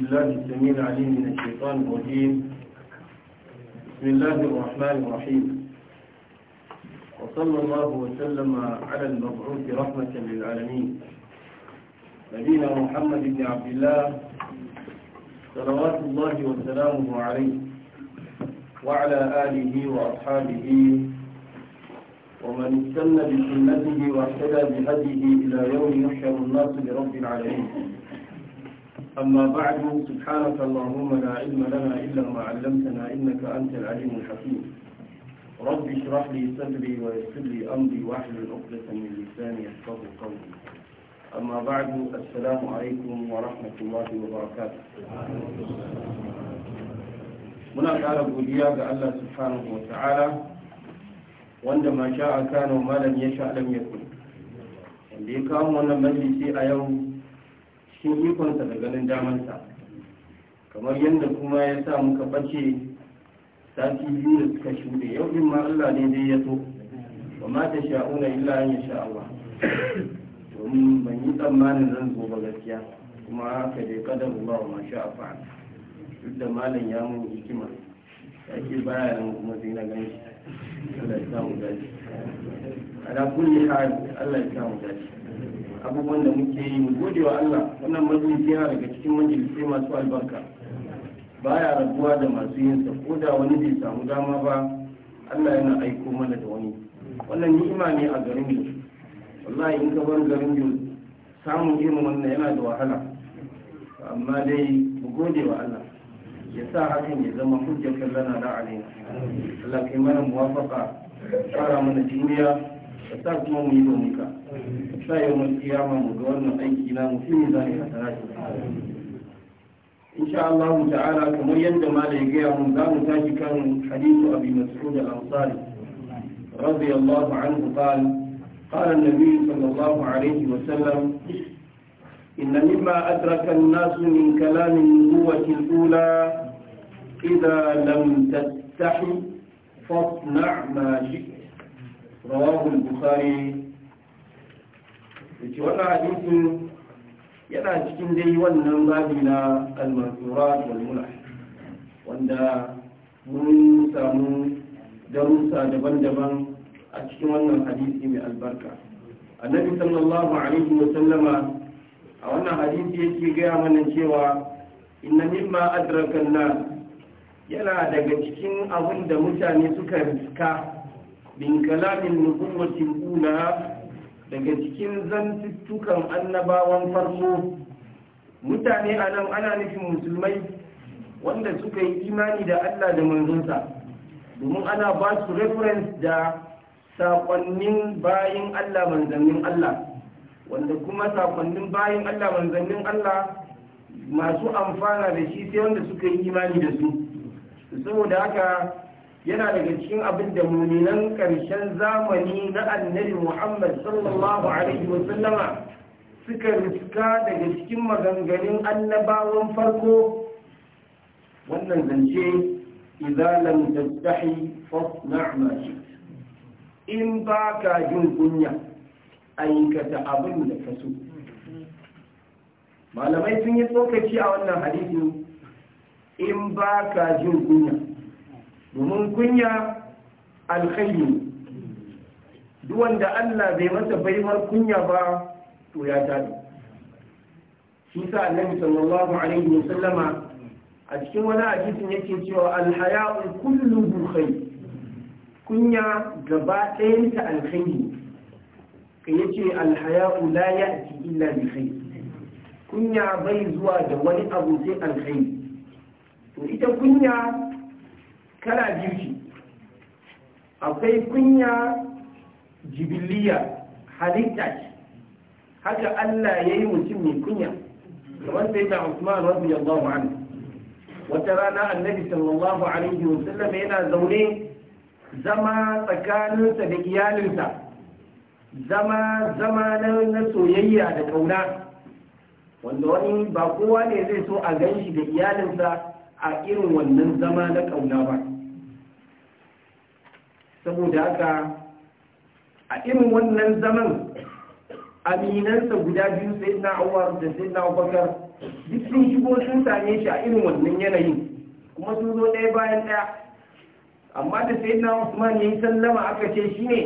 بالله السميع العليم من الشيطان الرجيم بسم الله الرحمن الرحيم وصلى الله وسلم على المبعوث رحمة للعالمين نبينا محمد بن عبد الله صلوات الله وسلامه عليه وعلى آله وأصحابه ومن استنى بسنته واهتدى بهديه إلى يوم يحشر الناس لرب العالمين أما بعد سبحانك اللهم لا علم لنا إلا ما علمتنا إنك أنت العليم الحكيم رب اشرح لي صدري ويسر لي أمري واحلل عقدة من لساني يفقهوا قولي أما بعد السلام عليكم ورحمة الله وبركاته من قال godiya الله سبحانه وتعالى وعندما شاء كان وما لم kano لم يكن. sha alam ya kun cikin ikonsa da ganin damansa kamar yadda kuma ya sa muka bace sati biyu da suka shuɗe yau ɗin ma Allah ne dai ya so ba ma ta sha'una illa an ya sha'awa domin ban yi tsammanin zan zo ba gaskiya kuma haka dai kadar ba wa masu a duk da malam ya mun hikima ake baya nan kuma sai na gani Allah ya samu dace ala kulli hal Allah ya samu dace abubuwan da muke yi mu gode wa Allah wannan majalisi yana daga cikin majalisai masu albarka baya rabuwa da masu yin sa ko da wani bai samu dama ba Allah yana aiko mana da wani wannan ni'ima ne a garin Jos wallahi in ka bar garin Jos samun irin wannan yana da wahala amma dai mu gode wa Allah ya sa hakan ya zama hujjar kallana da alaina Allah kai mana muwafaqa tsara mana juriya ka sa kuma mu yi domin ka sa yau mun kiyama mu ga wannan aiki na mu fi mizani hasanati insha Allah ta'ala kamar yadda mala ya gaya mun za mu tashi kan hadithu abi mas'ud al-ansari radiyallahu anhu qala قال النبي صلى الله عليه وسلم إن مما أدرك الناس من كلام النبوة الأولى إذا لم تستحي فاصنع ما شئت rawahul bukhari yace wannan hadisi yana cikin dai wannan babi na al-mansurat wal mulah wanda mun samu darussa daban-daban a cikin wannan hadisi mai albarka annabi sallallahu alaihi wa sallama a wannan hadisi yake gaya mana cewa inna mimma an nas yana daga cikin abin da mutane suka riska min kalamin nubuwatin ula daga cikin zantuttukan annabawan farko mutane a nan ana nufin musulmai wanda suka yi imani da allah da manzonsa domin ana ba su reference da saƙonnin bayan allah manzannin allah wanda kuma saƙonnin bayan allah manzannin allah masu amfana da shi sai wanda suka yi imani da su saboda haka yana daga cikin abin da muminan karshen zamani na annabi muhammad sallallahu alaihi wasallama suka riska daga cikin maganganun annabawan farko wannan zance idza lam tastahi fasna' ma in ba ka jin kunya aikata abin da ka so malamai sun yi tsokaci a wannan hadisi in ba ka jin kunya domin kunya alkhairi duk wanda Allah bai masa baiwar kunya ba to ya tabi shi sa annabi sallallahu alaihi wasallama a cikin wani hadisin yake cewa alhaya'u kullu khair kunya gaba ɗayanta alkhairi kai yace alhaya'u la ya'ti illa bi khair kunya bai zuwa da wani abu sai to ita kunya kala biyu ce akwai kunya jibiliya halitta ce haka Allah ya yi mutum mai kunya kamar sai da Usman radiyallahu anhu wata rana annabi sallallahu alaihi wa sallam yana zaune zama tsakaninsa da iyalinsa zama zama na soyayya da kauna wanda wani ba kowa ne zai so a gan shi da iyalinsa a irin wannan zama na kauna ba saboda haka a irin wannan zaman aminansa guda biyu sai na awar da sai na bakar. duk sun shigo sun same shi a irin wannan yanayin kuma sun zo ɗaya bayan ɗaya amma da sai na usman ya yi sallama aka ce shi ne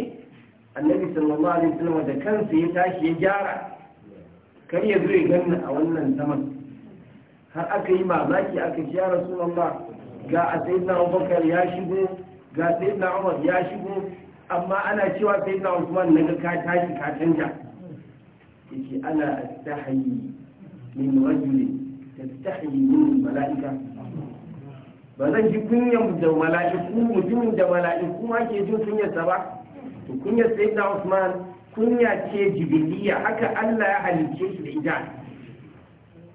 annabi sallallahu alaihi wasallam da kansa ya tashi ya gyara kar ya zo ya ganna a wannan zaman har aka yi mamaki aka gyara ya rasulullah ga a sai na bakar ya shigo ga na umar ya shigo amma ana cewa na usman ga ka tashi ka canja yake ana astahi min rajulin tastahi min malaika ba zan ji kunyan da mala'iku mutumin da mala'iku ma ke jin kunyarsa ba to kunyar na usman kunya ce jibiliya haka Allah ya halicce shi da ita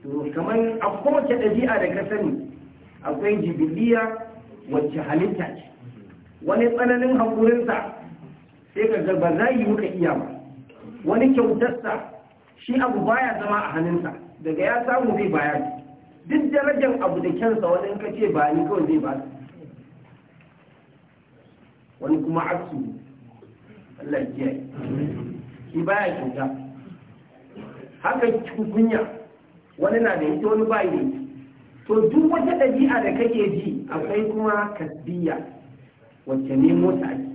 to kamar a kowace ɗabi'a da ka sani akwai jibiliya wacce halitta ce wani tsananin haƙurinsa sai ka ga ba za yi muka iya ba wani kyautarsa shi abu baya zama a hannunsa daga ya samu zai bayar duk darajar abu da kyansa wani ka ce ba ni kawai zai ba wani kuma aksu Allah ya shi baya kyauta haka kunya wani na da ita wani bayi to duk wata ɗabi'a da kake ji akwai kuma kasbiya wacce nemo ta ake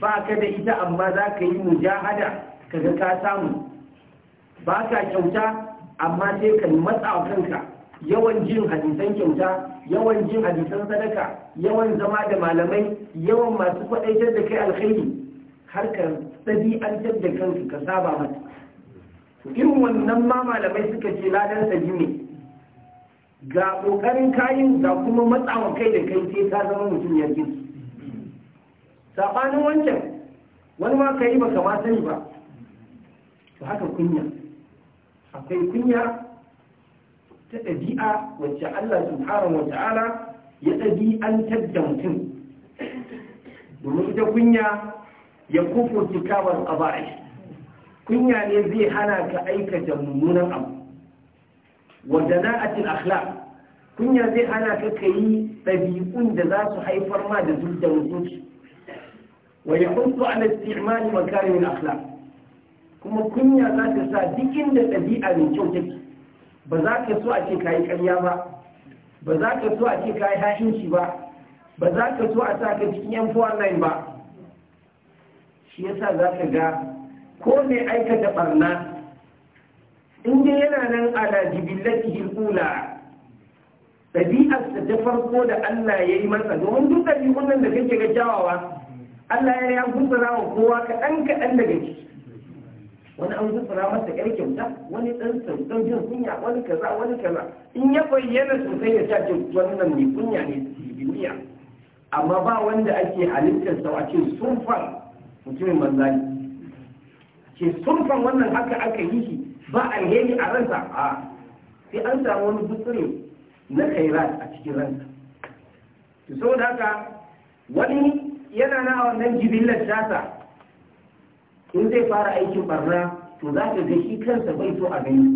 ba ka da ita amma za ka yi mujahada ka ga ka samu ba ka kyauta amma sai ka matsa kanka yawan jin hadisan kyauta yawan jin hadisan sadaka yawan zama da malamai yawan masu kwaɗaitar da kai alkhairi har ka ɗabi'antar da kanka ka saba mata irin wannan ma malamai suka ce ladan ji ne ga ƙoƙarin kayan ga kuma matsawa kai da kai sai ka zama mutum ya su saɓanin wancan wani ma ka yi ba kama sani ba to haka kunya akwai kunya ta ɗabi'a wacce Allah subhanahu wa ta'ala ya an da mutum domin ita kunya ya kufo cikawar ƙaba'i kunya ne zai hana ka aikata mummunan abu wadda na'atin akhlaq kunya zai hana ka kayi ɗabi'un da za su haifar ma da zuwa mutunci wa yahuddu ala isti'mal makarim al-akhlaq kuma kunya za ta sa duk inda ɗabi'a mai ba za ka so a ce kayi ƙarya ba ba za ka so a ce kayi hashinci ba ba za ka so a sa ka cikin yan fowa ba Shiyasa yasa za ka ga ko mai aikata barna in dai yana nan ala jibillatihi al-ula ɗabi'arsa ta farko da Allah ya yi masa domin duk ɗabi'un nan da kake ga kyawawa Allah ya ya gutsura wa kowa kaɗan kaɗan daga ciki wani an gutsura masa ƴar kyauta wani ɗan sautan jin kunya wani kaza wani kaza in ya bayyana sosai ya tace wannan mai kunya ne duniya amma ba wanda ake halittar sau a ce sunfan mutumin manzani ne ce sunfan wannan haka aka yi shi ba alheri a ransa a sai an samu wani gutsure na kairat a cikin ransa to saboda haka wani yana na a wannan jibillar shasa in zai fara aikin barna to za ka ga shi kansa bai so a gani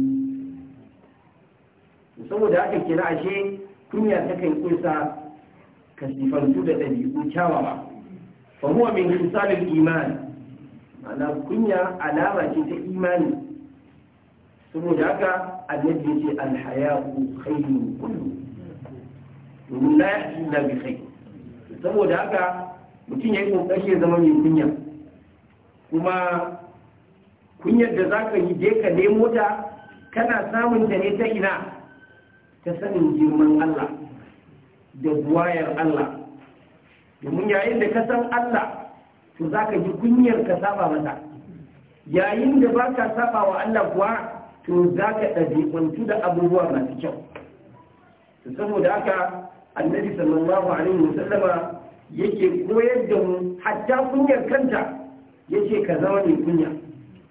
saboda haka kira ashe kunya ta kan kusa ka sifantu da ɗabi'u kyawawa fa huwa min khisalil iman ana kunya alama ce ta imani saboda haka annabi yace al haya'u khayrun kullu domin la ya'ti illa bi khayr saboda haka mutum ya yi ƙoƙari ya zama mai kunya kuma kunyar da za ka yi je ka nemo ta kana samun ta ne ta ina ta sanin girman Allah da buwayar Allah domin yayin da ka san Allah to za ka ji kunyar ka saba masa yayin da ba ka saba wa Allah kuwa to za ka ɗabi'untu da abubuwa masu kyau saboda haka annabi sallallahu alaihi wasallama yake koyar da mu hatta kunyar kanta yace ka zama mai kunya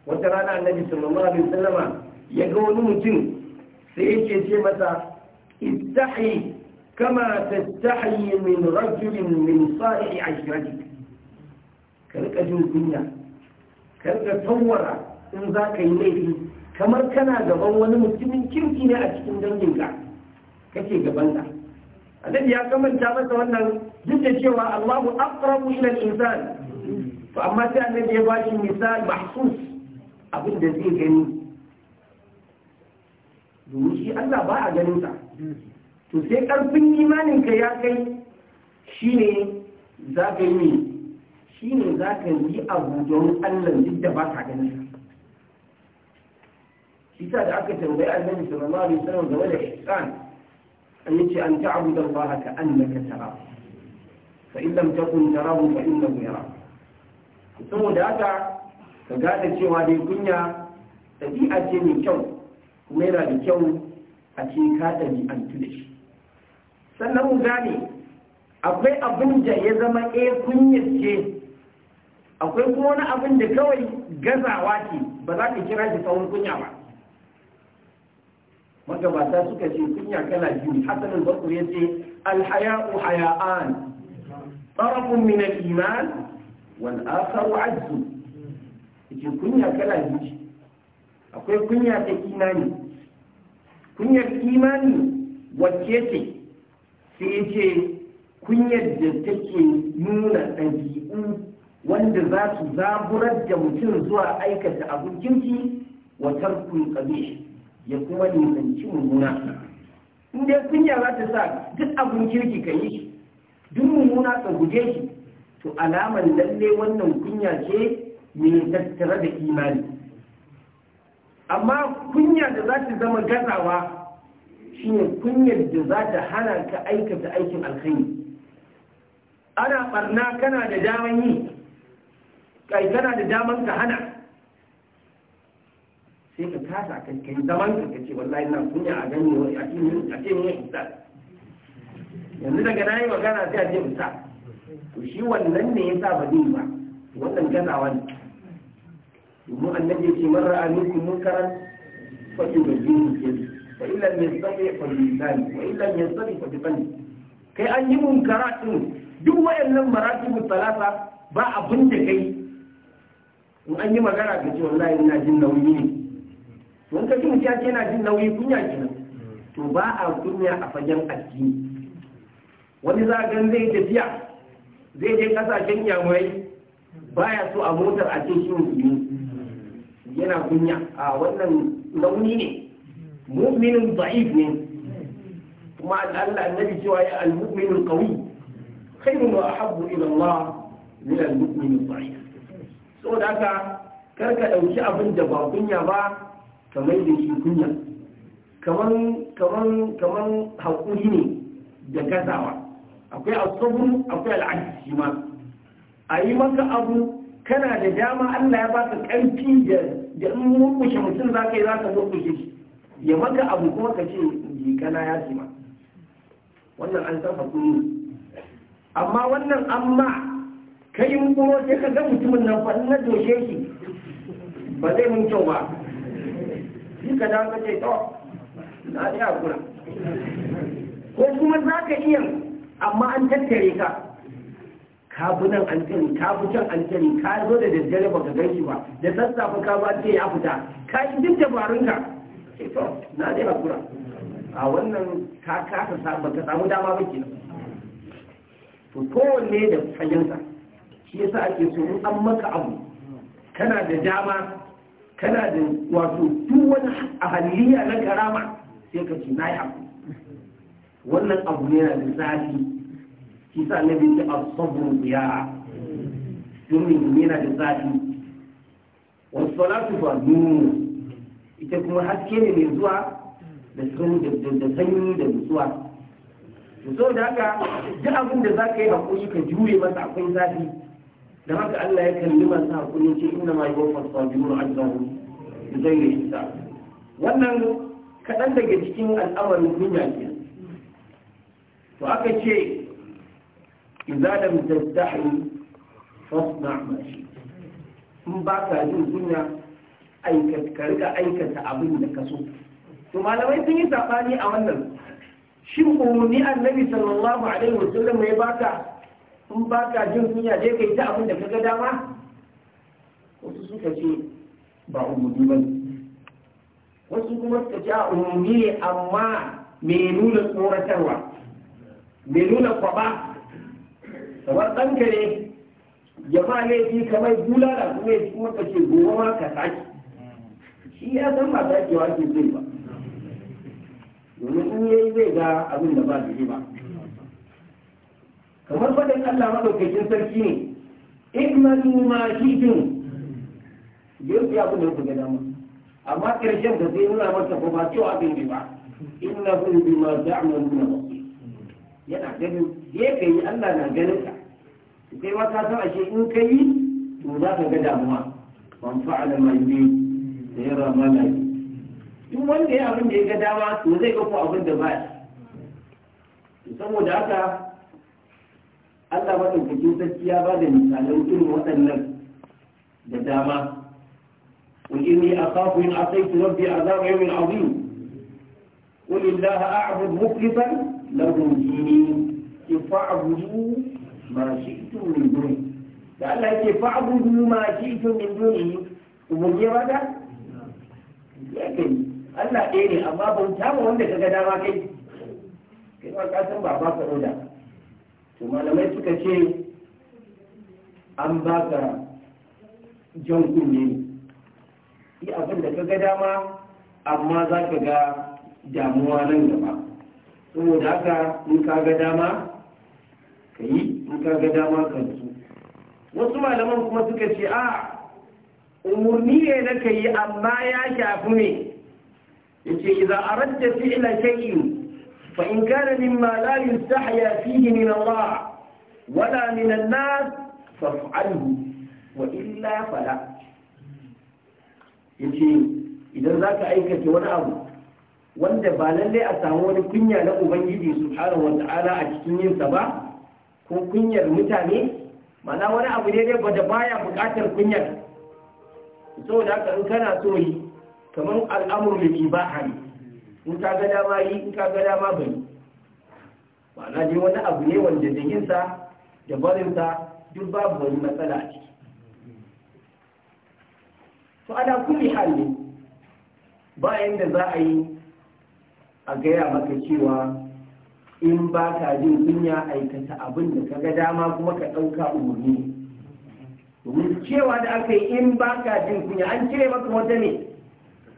wata rana annabi sallallahu alaihi wasallama ya ga wani mutum sai yake ce masa istahi kama tastahi min rajulin min sa'i ashratik ka rika jin kunya ka rika tawara in za ka yi laifi kamar kana gaban wani mutumin kirki ne a cikin ka kake gaban ka annabi ya kamanta masa wannan duk da cewa Allahu aqrabu ila al-insan to amma sai annabi ya ba shi misal mahsus abin da zai gani domin shi Allah ba a ganin sa to sai karfin imanin ka ya kai shine za ka yi shine za ka yi abu don Allah duk da ba ka ganin shi da aka tambayi annabi sallallahu alaihi wasallam game da ihsan an yace an ta'budu Allah ka annaka tarahu fa in lam takun tarahu fa innahu yara saboda haka ka gane cewa dai kunya ɗabi'a ce mai kyau kuma yana da kyau a ce ka ɗabi'antu da shi sannan mu gane akwai abin da ya zama e kunyar ce akwai kuma wani abin da kawai gazawa ce ba za ka kira shi tsawon kunya ba magabata suka ce kunya kala biyu hasanin bakwai ya ce alhaya'u haya'an طرف من الإيمان والآخر عجز yake kunya kala biyu akwai kunya ta imani kunyar imani wacce ce sai ce kunyar da take nuna ɗabi'u wanda za su zaburar da mutum zuwa aikata abin kirki wa tarkun kabe ya kuma nisanci mummuna in dai kunya za ta sa duk abin kirki ka yi duk mummuna ka guje shi to alamar lalle wannan kunya ce mai tattare da imani amma kunya da za ta zama gazawa ne kunyar da za ta hana ka aikata aikin alkhairi ana barna kana da daman yi kai kana da daman ka hana sai ka kasa kai zaman ka ce wallahi na kunya a gani a ce ne a ce ne yanzu daga na yi magana sai a ce sa to shi wannan ne ya sa ba zai ba wannan gaza wani. domin annabi ya ce marar amikun munkaran fa'ilu da jini ke fa illan yastabi fa lisani wa illan yastabi fa bisani kai an yi munkara karatun. duk wayannan maratibu talata ba abin da kai in an yi magana ka ce wallahi ina jin nauyi ne to in ka ji mutum ya ce yana jin nauyi kunya kenan to ba a kunya a fagen addini wani za zai tafiya zai je kasashen yamurai baya so a motar a ce shi musulmi yana kunya a wannan launi ne mu'minin da'if ne kuma Allah annabi cewa ya al-mu'minul qawi khairun wa ahabbu ila Allah min al-mu'minid so da haka karka dauki abin da ba kunya ba kamar da shi kunya kamar haƙuri hakuri ne da kasawa akwai asabun akwai al'adisi ma a yi maka abu kana da dama Allah ya baka ƙarfi da da in murkushe mutum za ka yi za ka kushe shi ya maka abu kuma ka ce kana ya ce ma wannan an san hakuri amma wannan amma kai mun kuma sai ka ga mutumin nan fa na doshe shi ba zai mun kyau ba shi ka dawo ka ce to na ji hakura ko kuma za ka iya amma an tattare ka ka bi nan an tare ka bi can an tare ka zo da daddare baka gan shi ba da sassafe ka ba ce ya fita ka yi duk dabarun ka to na dai hakura a wannan ka kasa ba ka samu dama ba ke to kowanne da fagensa shi yasa ake so in an maka abu kana da dama kana da wato duk wani ahaliya na karama sai ka ce na yi abu wannan abu ne na misali shi sa na bin a sabon ziyara domin ne na misali wasu salatu ba nuna ita kuma haske ne mai zuwa da sanyi da nutsuwa so da haka duk abin da za ka yi haƙuri ka jure masa akwai zafi da haka Allah ya kalli masu haƙuri ce inna ma yiwa fasuwa biyu a zaru zai yi isa wannan kaɗan daga cikin al'amarin duniya ke to aka ce idza lam tastahi fasna ma shi in ba ka jin kunya aikata ka riga aikata abin da ka so to malamai sun yi sabani a wannan shin umarni annabi sallallahu alaihi wasallam ya baka in ba ka jin kunya je kai ta abin da ka ga dama wasu suka ce ba umarni ba wasu kuma suka ce umarni ne amma mai nuna tsoratarwa mai nuna kwaba kamar ɗanka ne ya ma laifi kamar da kuma ya kuma ka ce gobe ma ka sake shi ya san ba sakewa ke zai ba domin in yayi zai ga abin da ba zai ba kamar faɗin Allah madaukakin sarki ne igmanu ma shi'tum yau ya kuma ku ga dama amma ƙarshen da zai nuna masa ba cewa abin bai ba innahu bima ta'maluna basir yana ganin gefe yi Allah na ganin ka kai wata ka san ashe in ka yi to za ka ga damuwa ban fa'ala mai ne da ya rama na duk wanda ya abin da ya ga dama to zai ga ko abin da ba shi saboda haka Allah madaukakin sarki ya ba da misalan irin wadannan da dama قل إني أخاف إن عصيت ربي عذاب يوم عظيم قل الله أعبد مخلصا lahu dini ki fa'budu ma shi'tum min duni da Allah yake fa'budu ma shi'tum min duni umurje ba da ya kai Allah ɗaya ne amma ban ma wanda kaga dama kai kai ma ka san ba ba ka roda to malamai suka ce an ka jan kunne yi abin da kaga dama amma za ka ga damuwa nan gaba saboda haka in ga dama ka yi in ka ga dama ka su wasu malaman kuma suka ce a umarni ne na ka yi amma ya shafi ne ya ce idan a rajja kai shay'in fa in kana mimma la yustahya fihi min Allah wala min an-nas fa'alhu wa illa fala yace idan zaka aikata wani abu wanda ba lallai a samu wani kunya na ubangiji su subhanahu wata'ala a cikin yinsa ba ko kunyar mutane mana wani abu ne dai da baya bukatar kunyar da haka in kana so yi kamar al'amur da a ne in ka ga dama yi in ka ga dama bai ma'ana dai wani abu ne wanda da yin da barinsa duk babu wani matsala a ciki to ana kulli hali bayan da za a yi a gaya maka cewa in ba ka jin kunya aikata abin da ka ga dama kuma ka ɗauka umarni domin cewa da aka yi in ba ka jin kunya an cire maka wata ne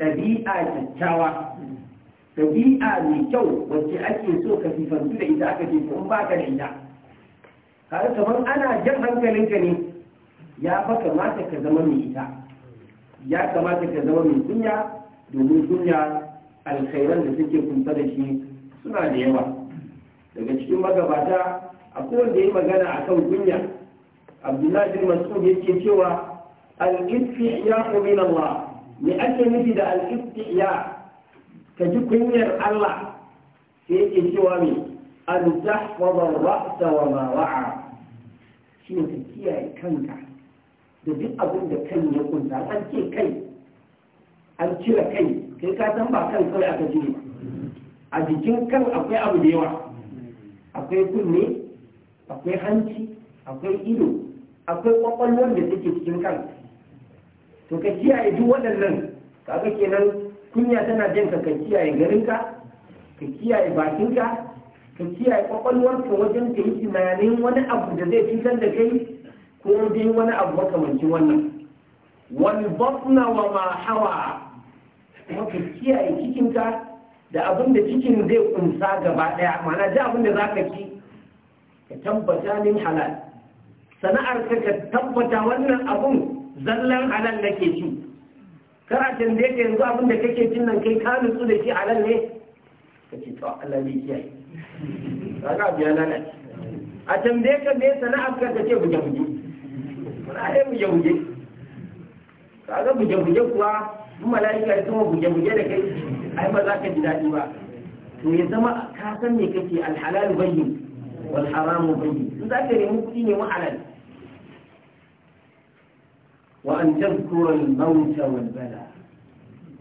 ɗabi'a kyakkyawa ɗabi'a mai kyau wacce ake so ka fifantu da ita aka ce in ba ka da ita kare kamar ana jan hankalinka ne ya fa kamata ka zama mai ita ya kamata ka zama mai kunya domin kunya alkhairan da suke kunta da shi suna da yawa daga cikin magabata a kowanne ya magana a kan kunya abdullahi masu mas'ud yake cewa al ya min Allah me ake nufi da al ya? ka ji kunyar Allah sai yake cewa me an tahfaza ra'sa wa ma wa'a ne ka kiyaye kanka da duk abin da kan ya kunta an ce kai an cire kai kai ka san ba kan kawai aka jini a jikin kan akwai abu da yawa akwai kunne akwai hanci akwai ido akwai kwakwalwar da take cikin kan to ka kiyaye duk waɗannan kaga kenan kunya tana jin ka ka kiyaye garinka ka kiyaye bakinka ka kiyaye ka wajen ka yi tunanin wani abu da zai cutar da kai ko dai wani abu makamancin wannan wal batna wa ma kuma ka a cikinka da abin da cikin zai kunsa gaba daya mana da abin da za ka ci ka tabbata min halal sana'ar ka ka tabbata wannan abun zallan halal da ke ci karatun da yake yanzu abin da kake cin nan kai ka nutsu da shi halal ne ka ce to Allah ne kiyaye kaga biya lalace a tambaye ka me sana'ar ka ka ce buje buje wala ai buje buje buje buje kuwa in mala'ika ya kuma buge-buge da kai ai ba za ka ji daɗi ba to ya zama ka san me kake alhalal bayyin wal haramu bayyin in za ka nemi kuɗi ne mu halal wa an tazkura al mauta wal bala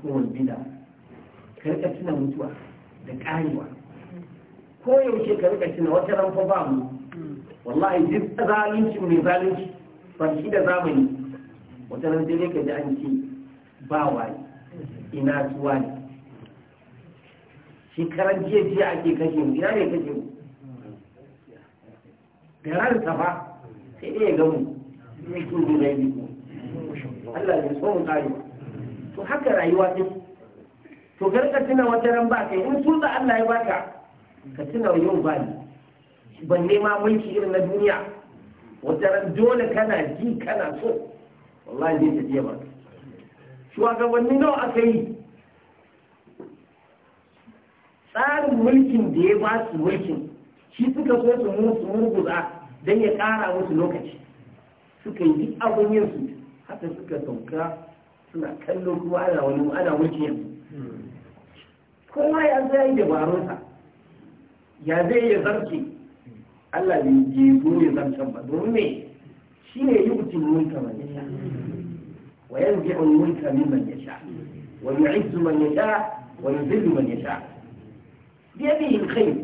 ko wal bida ka rika tuna mutuwa da karewa ko yaushe ka rika tuna wata ran fa ba mu wallahi duk zalunci mai zalunci ba shi da zamani wata ran sai ka ji an ce ba waye ina tuwa ne shekaran jiya ake kashe mu ina ne kashe mu da ransa safa sai ɗaya ga mu ne kin ji zai ko Allah ne so mu kare to haka rayuwa ce to garka tuna wata ran ba kai in sun Allah ya baka ka tuna yau ba ni ban nema mulki irin na duniya wata ran dole kana ji kana so wallahi zai tafiya ba shugabanni nawa aka yi tsarin mulkin da ya ba su mulkin shi suka so su musu murguza don ya kara wasu lokaci suka yi duk abin yin su haka suka sauka suna kallo kuma ana wani ana wuce yanzu kuma ya zai dabarunsa ya zai ya zarce Allah bai je ya zarce ba domin me shi ne yi mutum mulka ba وينزع الملك ممن يشاء ويعز من يشاء ويذل من يشاء بيده الخير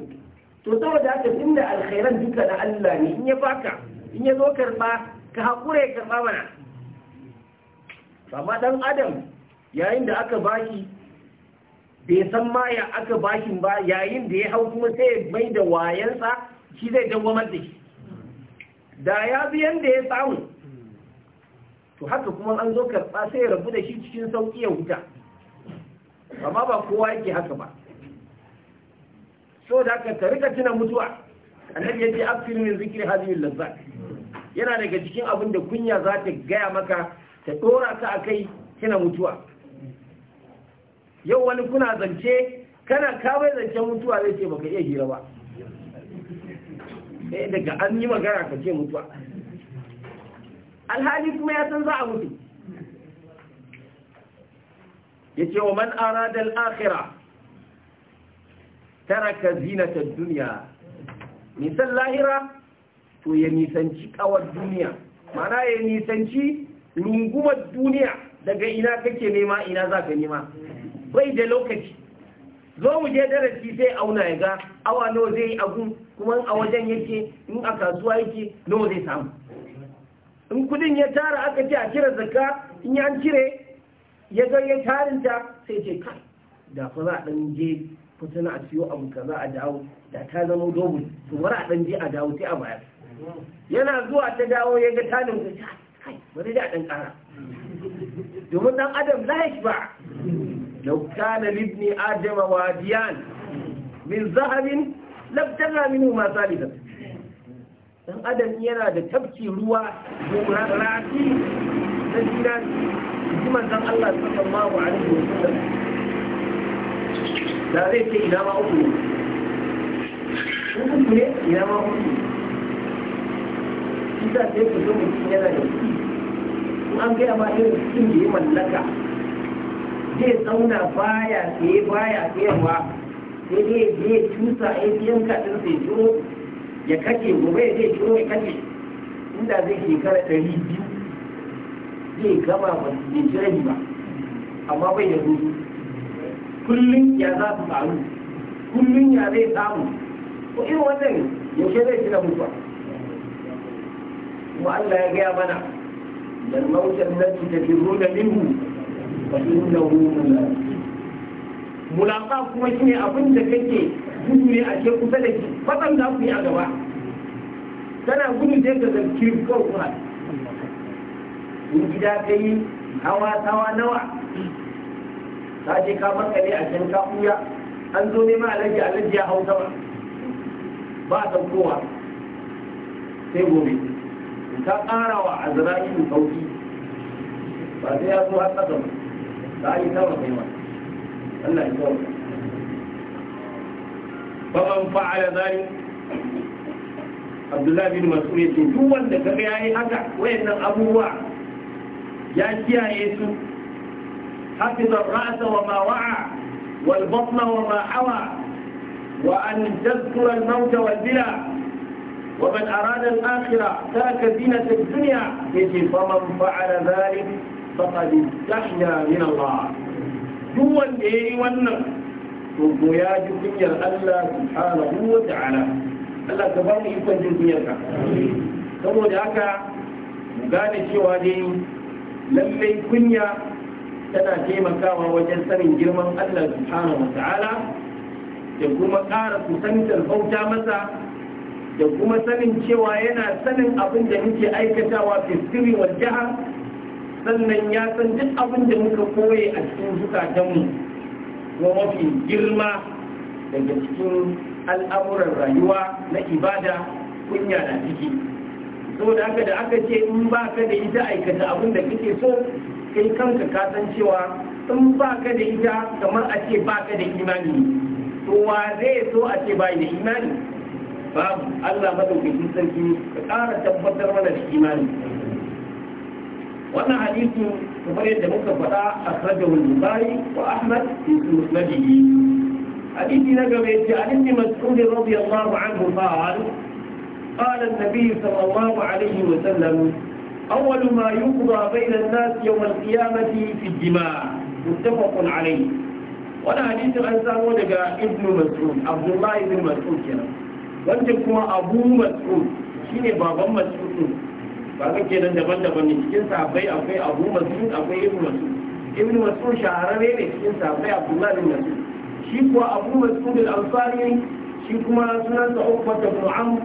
to saboda haka الخير alkhairan duka na Allah ne in ya baka in ya zo karba ka hakura ya yayin da aka bashi bai san ma ya aka bashin ba yayin da ya hau kuma sai mai da wayansa shi zai dawwamar da shi da ya bi yanda ya samu to haka kuma an zo karɓa sai ya rabu da shi cikin sauƙi ya wuta amma ba kowa yake haka ba so da aka ka rika tuna mutuwa annabi ce afkir min zikri hadhihi lazzat yana daga cikin abin da kunya za ta gaya maka ta dora ka akai tuna mutuwa yau wani kuna zance kana kawai zancen mutuwa zai ce baka iya hira ba eh, daga an yi magana ka ce mutuwa alhali kuma ya san za a mutu ya ce wa man arada al'akira taraka zinatar duniya nisan lahira to ya nisanci kawar duniya mana ya nisanci lungumar duniya daga ina kake nema ina za ka nema bai da lokaci zo mu je darasi sai auna ya ga awa nawa zai yi agun kuma a wajen yake in a kasuwa yake nawa zai samu in kudin ya tara aka ce a cire zakka in yi an cire ya ga ya tarinta sai ce kai da fa za a ɗan je fituna a siyo abu kaza a dawo da ta zama dogo su wara a ɗan je a dawo sai a bayar yana zuwa ta dawo ya ga tarin ta kai wani da ɗan ƙara. domin ɗan adam lahish ba لو كان لابن آدم min من ذهب لابتغى masu alifar. dan adam yana da tafki ruwa rafi na jira ji manzon Allah sallallahu alaihi wasallam da zai ce ina ma uku uku ne ina ma uku kisa sai ku zo mutum yana da kuɗi in an gaya ma irin cikin da ya mallaka zai zauna baya tsaye baya tsayawa sai dai ya cusa ya yanka ɗin sai jiro ya kake gobe ya zai ciro ya inda zai shekara ɗari biyu zai gama ba zai ci ba amma bai da hutu kullum ya za su faru kullum ya zai samu ko irin wannan yaushe zai tuna mutuwa kuma Allah ya gaya mana dan mawutar nan ta firo da minhu fa innahu mulaqi mulaqa kuma shine abin da kake gudu ne a ke kusa da ki fatsam za ku yi a gaba tana gudu sai ka zarki kawai kuma in gida ka yi hawa tawa nawa ta je ka makale a can ka ɓuya an zo nema alaji alaji ya hau sama ba a san kowa sai gobe ka kara wa a zirakin sauki ba sai ya zo har ƙasa ba za a yi sama kai ma Allah ya kawo فمن فعل ذلك abdullahi bin mas'ud yace duk wanda kaga yayi haka wayannan abubuwa ya kiyaye su hafiza ra'sa wa ma wa'a wal batna wa ma hawa wa an tadhkura al mawt wal bila wa man arada al akhirah taraka zinata ad dunya yace faman fa'ala dhalik faqad istahya min Allah duk wanda yayi wannan to ya ji kunyar Allah subhanahu wa ta'ala Allah ka ba mu ikon jin kunyar ka saboda haka mu gane cewa dai lallai kunya tana taimakawa wajen sanin girman Allah subhanahu wa ta'ala da kuma ƙara kusantar bauta masa da kuma sanin cewa yana sanin abin da muke aikatawa fiskiri wa sannan ya san duk abin da muka koye a cikin zukatanmu kuma mafi girma daga cikin al'amuran rayuwa na ibada kunya na ciki saboda haka da aka ce in ba ka da ita aikata abin da kake so kai kanka ka san cewa in ba ka da ita kamar a ce ba ka da imani to wa zai so a ce bai da imani babu Allah madaukakin sarki ka ƙara tabbatar mana da imani wannan hadisu kamar yadda muka faɗa a sarjawar bukari wa ahmad fi musnadihi hadisi na gaba yace an ibn mas'ud radiyallahu anhu qala qala an-nabi sallallahu alaihi wa sallam awwalu ma yuqda bayna an-nas yawm al-qiyamati fi ad-dima' muttafaq alayhi wannan hadisin an samo daga ibn mas'ud abdullahi ibn mas'ud kenan wanda kuma abu mas'ud shine baban mas'ud ba ga kenan daban-daban ne cikin sahabbai akwai abu mas'ud akwai ibn mas'ud ibn mas'ud shahararre ne cikin sahabbai abdullahi bin masu. shi kuwa abu mas'ud al-ansari shi kuma sunansa uku ibn amr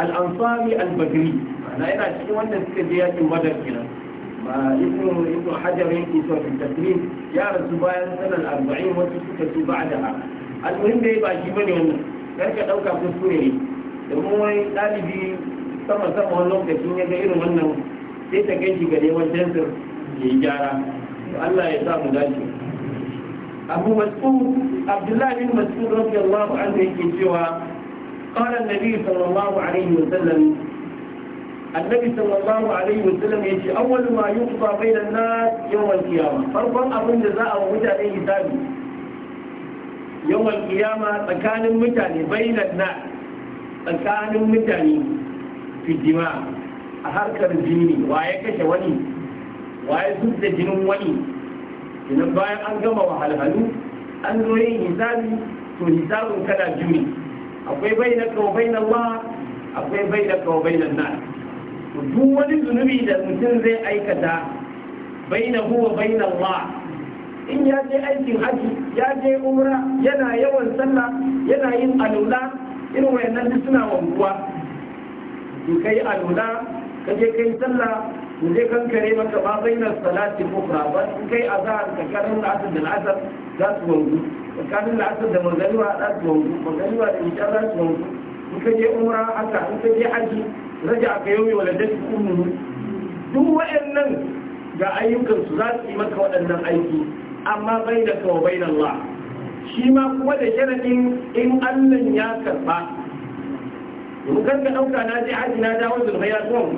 al-ansari al-badri ana yana cikin wanda suka je yakin badar kenan rasu bayan sanar يمكن في التسليم يا رسول da الأربعين ba بعدها ba ne يبقى جيبني هنا ɗauka كده أوكا كسكوني المهم طالبي sama sama wani lokacin ya ga irin wannan sai ta kai shi ga neman ya yi gyara Allah ya sa mu dace Abu masu Abdullahi bin Mas'ud radiyallahu anhu yake cewa قال النبي صلى الله عليه وسلم النبي صلى الله عليه وسلم يجي أول ما يقضى بين الناس يوم القيامة فربا أبن جزاء ومتعني إسامي يوم القيامة تكان متعني بين الناس tsakanin mutane fi dima a harkar jini wa ya kashe wani wa ya da jinin wani Jinin bayan an gama wahalhalu an zo yin hisabi to hisabin kana jini akwai bai na kawai na ba akwai bai na kawai na nan duk wani zunubi da mutum zai aikata bai na huwa bai na ba in ya je aikin haji ya je umra yana yawan sallah yana yin alula irin wayannan duk suna wankuwa in kai alula ka je kai sallah in je kankare maka ba bainar salati kufra ba in kai a azhar ka karin la'asar da la'asar za su wangu tsakanin la'asar da magariwa za su wangu magariwa da isha za su wangu in ka je umra haka in ka je aji raja aka yau yau da ummu duk waɗannan ga ayyukansu za su yi maka waɗannan aiki amma bai da kawo bai Allah shi ma kuma da sharaɗin in Allah ya karɓa domin kan ka ɗauka na je haji na dawo zulfa ya zuwa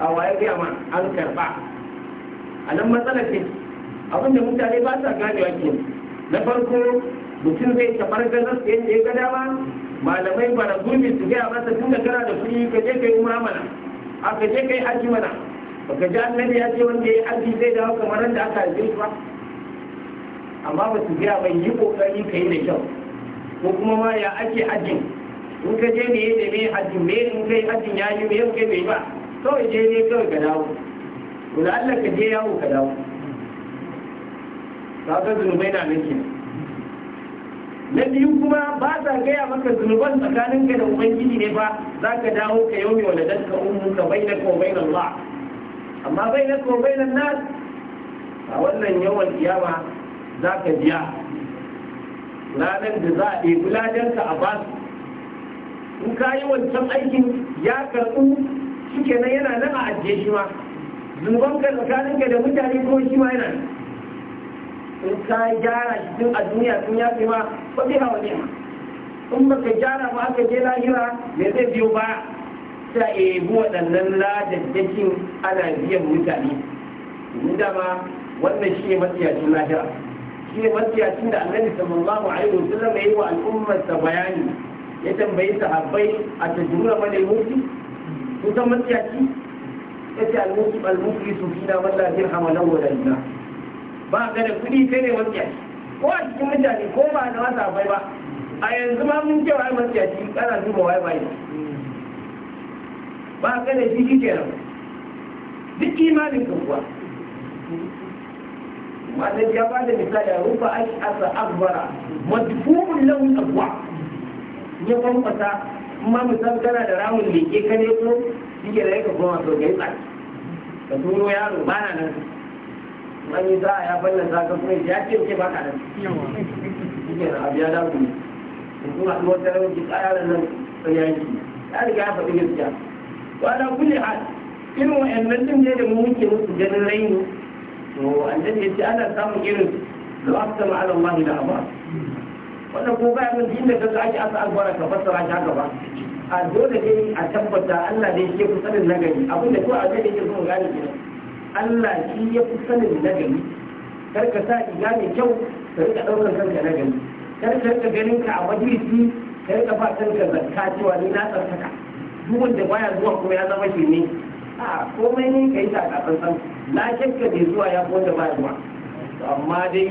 a waye gaya ma an karɓa a nan matsalar ce abinda mutane ba sa ganewa ke na farko mutum zai tabar ganar da yadda ya ga dama malamai ba bara gurbi su gaya masa tun da kana da kuɗi ka je kai umra mana a ka je kai haji mana ba baka ji annabi ya ce wanda ya yi haji zai dawo kamar da aka haife shi ba amma ba su gaya mai yi ƙoƙari ka yi da kyau ko kuma ma ya ake ajin. in ka je meye da meye hajjin meye in kai hajjin ya yi mai kai bai ba kawai je ne kawai ka dawo kula Allah ka je yawo ka dawo ka ga zunubai na nan na biyu kuma ba sa gaya maka zunuban tsakanin ka da ubangiji ne ba za ka dawo ka yau mai wadatar ka umu ka bai na kawai na ba amma bai na kawai na nan a wannan yawan iyawa za ka biya ranar da za a ɗebi ladanka a basu in ka yi wancan aikin ya karɓu suke nan yana nan a ajiye shi ma zunuban ka tsakanin ka da mutane ko shi ma yana in ka gyara shi tun a duniya tun ya fi ma ba bi hawa ne in baka gyara ba aka je lahira me zai biyo ba ta ebi waɗannan ladaddakin ana biyan mutane domin dama wannan shi ne matsiyacin lahira shi ne matsiyacin da annabi sallallahu alaihi wasallam ya yi wa al'ummarsa bayani ya tambayi sahabbai a tajura mana yi ku san matsiyaci ya ce almutu almutu su fi na wanda zai hamalan wadanda ba ka da kuɗi sai ne matsiyaci ko a cikin mutane ko ba na wata bai ba a yanzu ma mun cewa ai matsiyaci kana duba wai bai ba ka da shi shi kenan duk imanin ka kuwa ma'anar ya ba da misali a rufa ake asa agbara madfu'un lahu abuwa ya kwamfata kuma misal kana da ramin leke ka ne ko shi ke da yaka kuma so ga yi ka turo yaro ba na nan wani yi za a ya ballan za ka kuma ya ce ke ba ka nan shi ke na abu ya ku ne kuma a duwar tarawar ki tsayarar nan sai ya ya riga ya faɗi gaskiya to ana kulle hal irin wa'annan din ne da mu muke musu ganin raini to annabi ya ce ana samun irin lo'afta aka sama Allah da abu wannan ko ba mun inda kaga ake asa albaraka ka fassara shi a dole ne a tabbata Allah da yake fi sanin nagari da ko a zai yake so gane ne Allah shi ya kusanin nagari kar ka sa mai kyau ka rika daukar kanka nagari kar ka rika ganin ka a majalisi ka rika ba kanka zakka cewa ni na tsarkaka duk wanda baya zuwa kuma ya zama shi ne a komai ne ka yi san na shakka mai zuwa ya fi wanda baya zuwa amma dai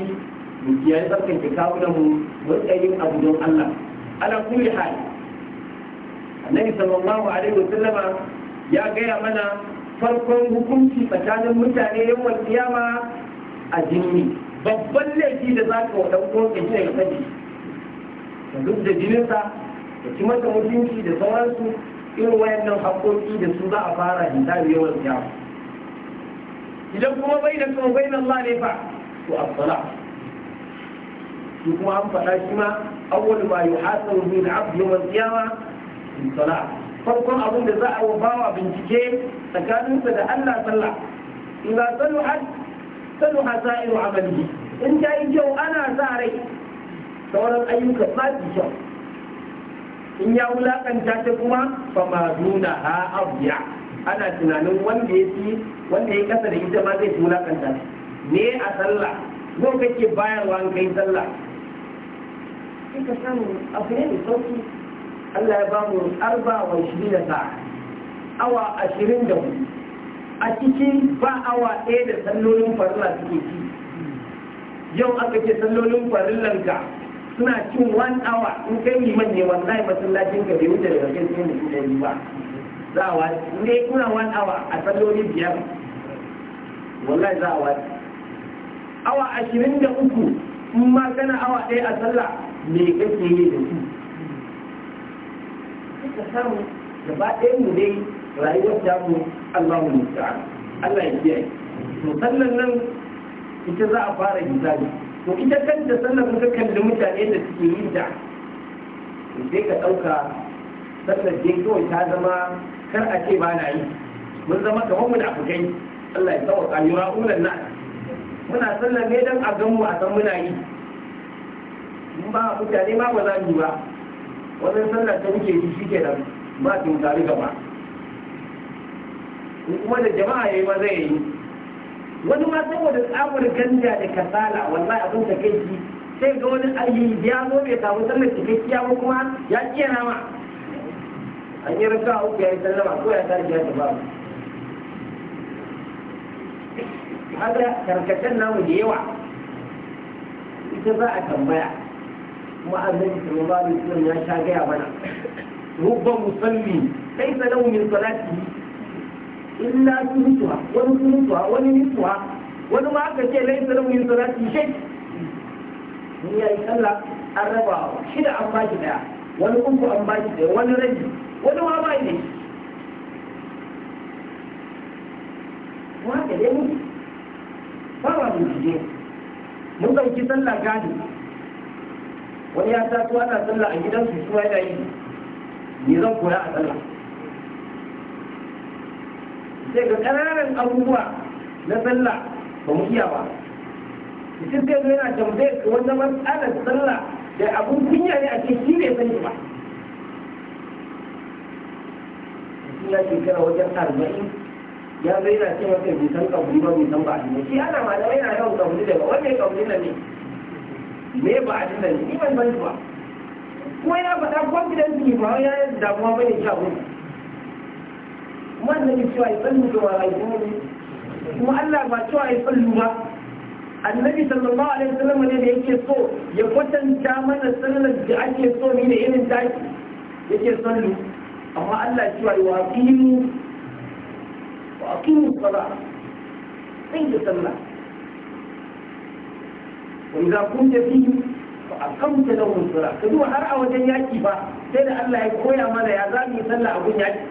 mu kiyaye tsarkake kawo da mu matsayin abu don Allah ala kulli hal annabi sallallahu alaihi wasallama ya gaya mana farkon hukunci tsakanin mutane yawan kiyama a jini babban laifi da za ka wadan ko ka ce ka ka duk da jininsa da ci masa mutunci da sauransu irin wayannan haƙoƙi da su za a fara da yawan kiyama idan kuma bai da kuma bai Allah ne fa to as shi kuma an faɗa shi ma awwal ma yuhasabu min abd yawm al qiyama in salat farkon abin da za a wa bawa bincike tsakaninsa da Allah sallah ina saluhat saluha sa'iru amalihi in ta yi kyau ana sa rai sauran ayyuka ba su kyau in ya wulakanta ta kuma fa ma duna ha abiya ana tunanin wanda ya wanda ya kasa da ita ma zai wulakanta ne a sallah ko kake bayarwa an kai sallah suka samu abu ne sauki Allah ya bamu arba wa da sa'a awa ashirin da hudu a cikin ba awa ɗaya da sallolin farilla suke ci yau aka ce sallolin farillanka suna cin one hour in kai liman ne yi masallacin ka bai wuce daga kai sai mutum ɗari ba za a wani ne kuna one hour a sallolin biyar wallahi za a wani awa ashirin da uku in ma kana awa ɗaya a sallah me kake yi da su suka samu gaba ɗaya mu dai rayuwar ta mu Allahu musta'an Allah ya kiyaye to sallan nan ita za a fara hisabi to ita kanta sallan ka kalli mutane da suke yin ta sai ka ɗauka sallar dai kawai ta zama kar a ce ba na yi mun zama kamar mu da Allah ya tsawo a yura ulan na muna sallar ne dan a gan mu a san muna yi in mutane ma ba za mu ba wannan sallar ta muke yi shi kenan ba tun tare gaba in kuma da jama'a yayi ma zai yi wani ma saboda tsabar ganja da kasala wallahi abin ta kai shi sai ga wani ayi ya zo bai samu sallar cikakkiya ba kuma ya kiyana nama. an yi rasa uku ya yi sallama ko ya tashi ya tafi haka karkatan namu da yawa ita za a tambaya kuma annabi sallallahu alaihi wasallam ya sha gaya mana rubba musalli kaifa lahu min salatihi illa sunutuha wani sunutuha wani nisuha wani ma aka ce laisa lahu min salatihi shay ni yi sallah an raba shida an bashi daya wani uku an bashi daya wani raji. wani ma bai ne wa da dai mu ba wa mu je mun ɗauki sallah gani. wani ya taso ana sallah a gidansu shi yana yi ni zan koya a sallah sai ga ƙananan abubuwa na sallah ba mu iya ba mutum zai zo yana tambayar ka wanda matsalar sallah da abun kunya ne a ce shi bai sani ba mutum ya shekara wajen arba'in ya zo yana ce masa bai san kaburi ba bai san ba shi ana malamai na yawan kaburi daga wannan kaburi na ne me ba a dinar ni ban ban ba kuma ya faɗa confidence ne ba ya yi damuwa ba ne sha hudu kuma annabi cewa ya tsallu ga wala kuma Allah ba cewa ya tsallu ba annabi sallallahu alaihi wasallam ne da yake so ya kwatanta mana sallar da ake so ni da irin taki yake sallu amma Allah cewa ya waqimu wa aqimu salat sai da sallah wani za ku da fi a kan ta da hunsura ta zuwa har a wajen yaƙi ba sai da Allah ya koya mana ya za mu yi sallah abin yaƙi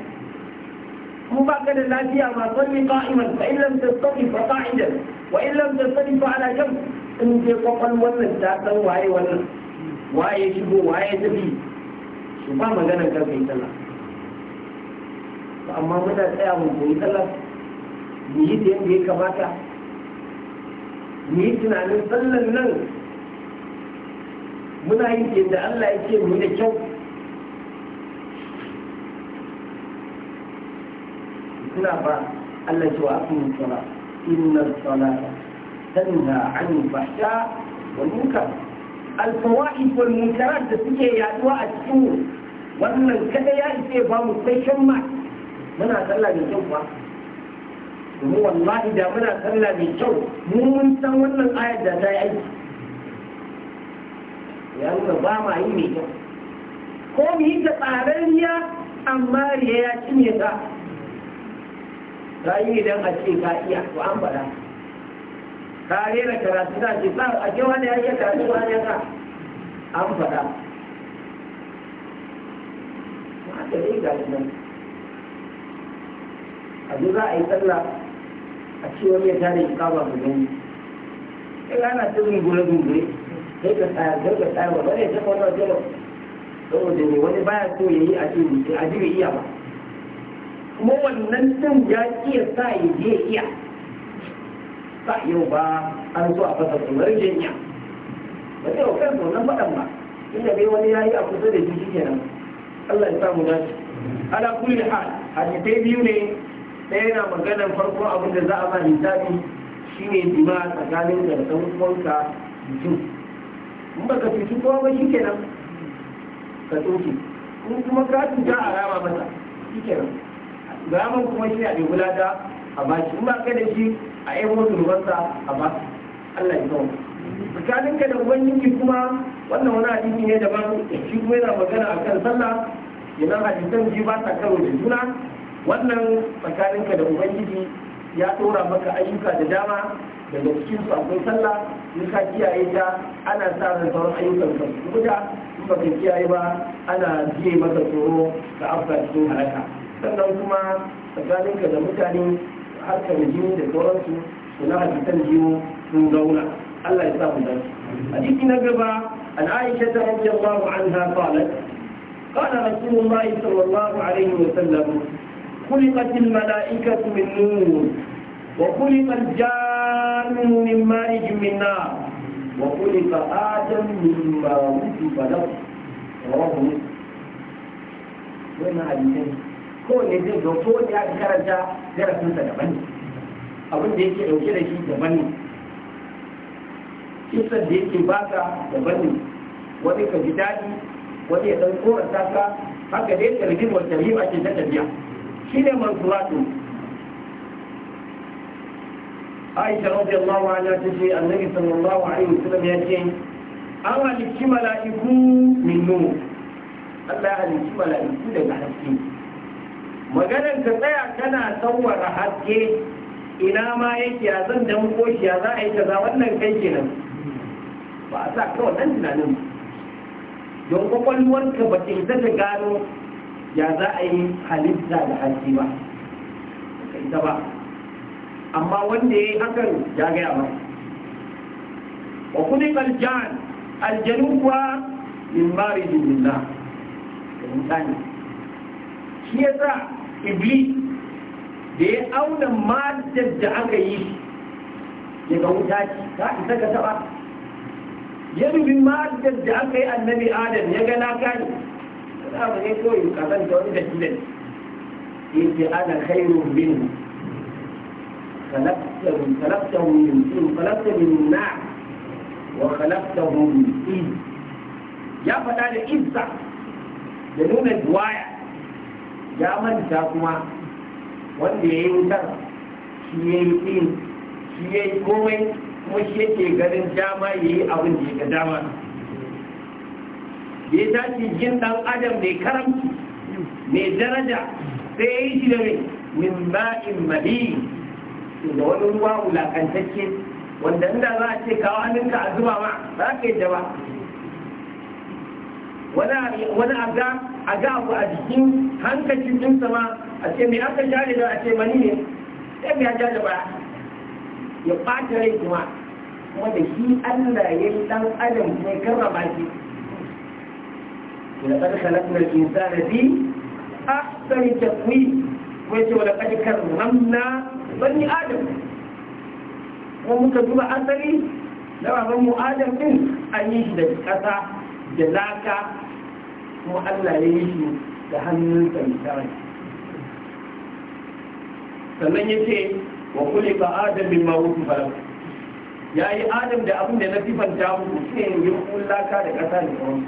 ku ba ka da lafiya ma sanni ƙa'iman ba in lam tastafi fa qa'idan wa in lam tastafi fa ala jam je kwakwal wannan ta waye wannan waye shigo waye tafi su ba magana kan kai sallah amma muna tsaya mu koyi sallah mu yi da yadda ya kamata mu yi tunanin sallan nan muna yin yadda Allah ya ce mu da kyau suna ba Allah ce wa aqimu sala inna salata tanha an fahsha wal munkar al fawaid wal munkarat da suke yaduwa a cikin wannan kada ya ce ba mu sai shan ma muna sallah da kyau ba mu wallahi da muna sallah mai kyau mun san wannan ayar da ta yi aiki ya nuna ba ma yi mai kyau ko mu yi ta tsararriya amma riya ya cinye ta ta yi idan a ce ka iya ko an faɗa Ta rera karatu ta ce ba a ke wani ya karatu ba ya ka an faɗa haka dai ga nan a zo za a yi sallah a ce wani ya tare shi kaba mu gani kai ana ta zungure zungure sai ka tsaya sai ka tsaya ba bane sai ka wani wajen saboda ne wani baya so ya yi a ce a jibe iya ba kuma wannan din ya iya sa ya je iya ba yau ba an so a fasa tsoron jinya ba zai wa kansa wannan faɗan ba inda bai wani ya yi a kusa da shi kenan Allah ya samu dace ala kulli hal hadisai biyu ne ɗaya na maganar farko abin da za a ba hisabi shine jima tsakanin da ɗan uwanka mutum ba ka cuci kowa ba shi kenan ka tsoke in kuma ka ja a rama masa shi kenan raman kuma shi a bebula ta a shi in ba ka da shi a yi wasu rubarsa a baki Allah ya kawo tsakanin ka da ubangiji kuma wannan wani hadisi ne daban shi kuma yana magana akan sallah yana hadisan ji ba ta karo da juna wannan tsakaninka da ubangiji ya tsora maka ayyuka da dama daga cikin su akwai sallah in ka kiyaye ta ana sa ran sauran ayyukan ka su guda in baka kiyaye ba ana biye maka tsoro ka afka cikin halaka sannan kuma tsakaninka da mutane harkar jini da sauransu su na hadisan jini sun zauna Allah ya sa mu dace hadisi na gaba an Aisha ta radiyallahu anha qalat قال رسول الله صلى الله عليه وسلم خلقت الملائكة من نور وخلق الجان من مارج من نار وخلق آدم مما وجب له رواه مسلم وين حديثين kowane zai zo ko da ya karanta darasinsa daban ne abin da yake dauke da shi daban ne kisan da yake baka daban ne wani ka ji daɗi wani ya ɗan da ka haka dai tarbiyyar tarbiyyar ake ta tafiya shi ne mansuratu aisha allahu anha ta ce annabi sallallahu alaihi sallam ya ce an halicci mala'iku min nur Allah ya halicci mala'iku daga haske maganar ka tsaya kana tsawara haske ina ma yake ya zan dan koshi ya za a yi kaza wannan kai kenan ba a sa kawai nan tunanin don kwakwalwarka ba ta isa ta gano ya za a yi halitta da hanci ba ita ba amma wanda ya yi hakan ya gaya ba wa kuni aljan aljanu kuwa min mari jimilla da mutane shi ya sa iblis da ya auna matar da aka yi daga wuta ci ta isa ka taba ya rubi matar da aka yi annabi adam ya gana kani abu ne kawai kazanta wani dalilin da ana khairun minhu خلقته خلقته من طين خلقته من نار وخلقته من طين يا فتاة إبسا دنون الدوايا يا من wanda ya yi wutar shi ya yi shi ya yi komai kuma shi yake ganin dama ya yi abin da ya ga dama da ya tashi jin ɗan adam mai karam mai daraja sai ya yi shi da mai min ba'in mali da wani ruwa wulakantacce wanda inda za a ce kawo hannunka a zuba ma ba ka yi ba wani aga aga abu a jikin hankacin ɗinsa ma a ce mai aka share da a ce mani ne sai mai ja da ba ya ɓata rai kuma wanda shi Allah ya yi ɗan adam mai ba shi ولقد خلقنا الإنسان في أحسن تقويم ويتي ولقد كرمنا بني آدم ومكتوب duba asali na آدم adam din an yi shi da ƙasa da kuma Allah ya yi shi da sannan ya ce wa kuli ba adam bin ya yi adam da abin da na sifanta muku sai yin laka da ƙasa da sauransu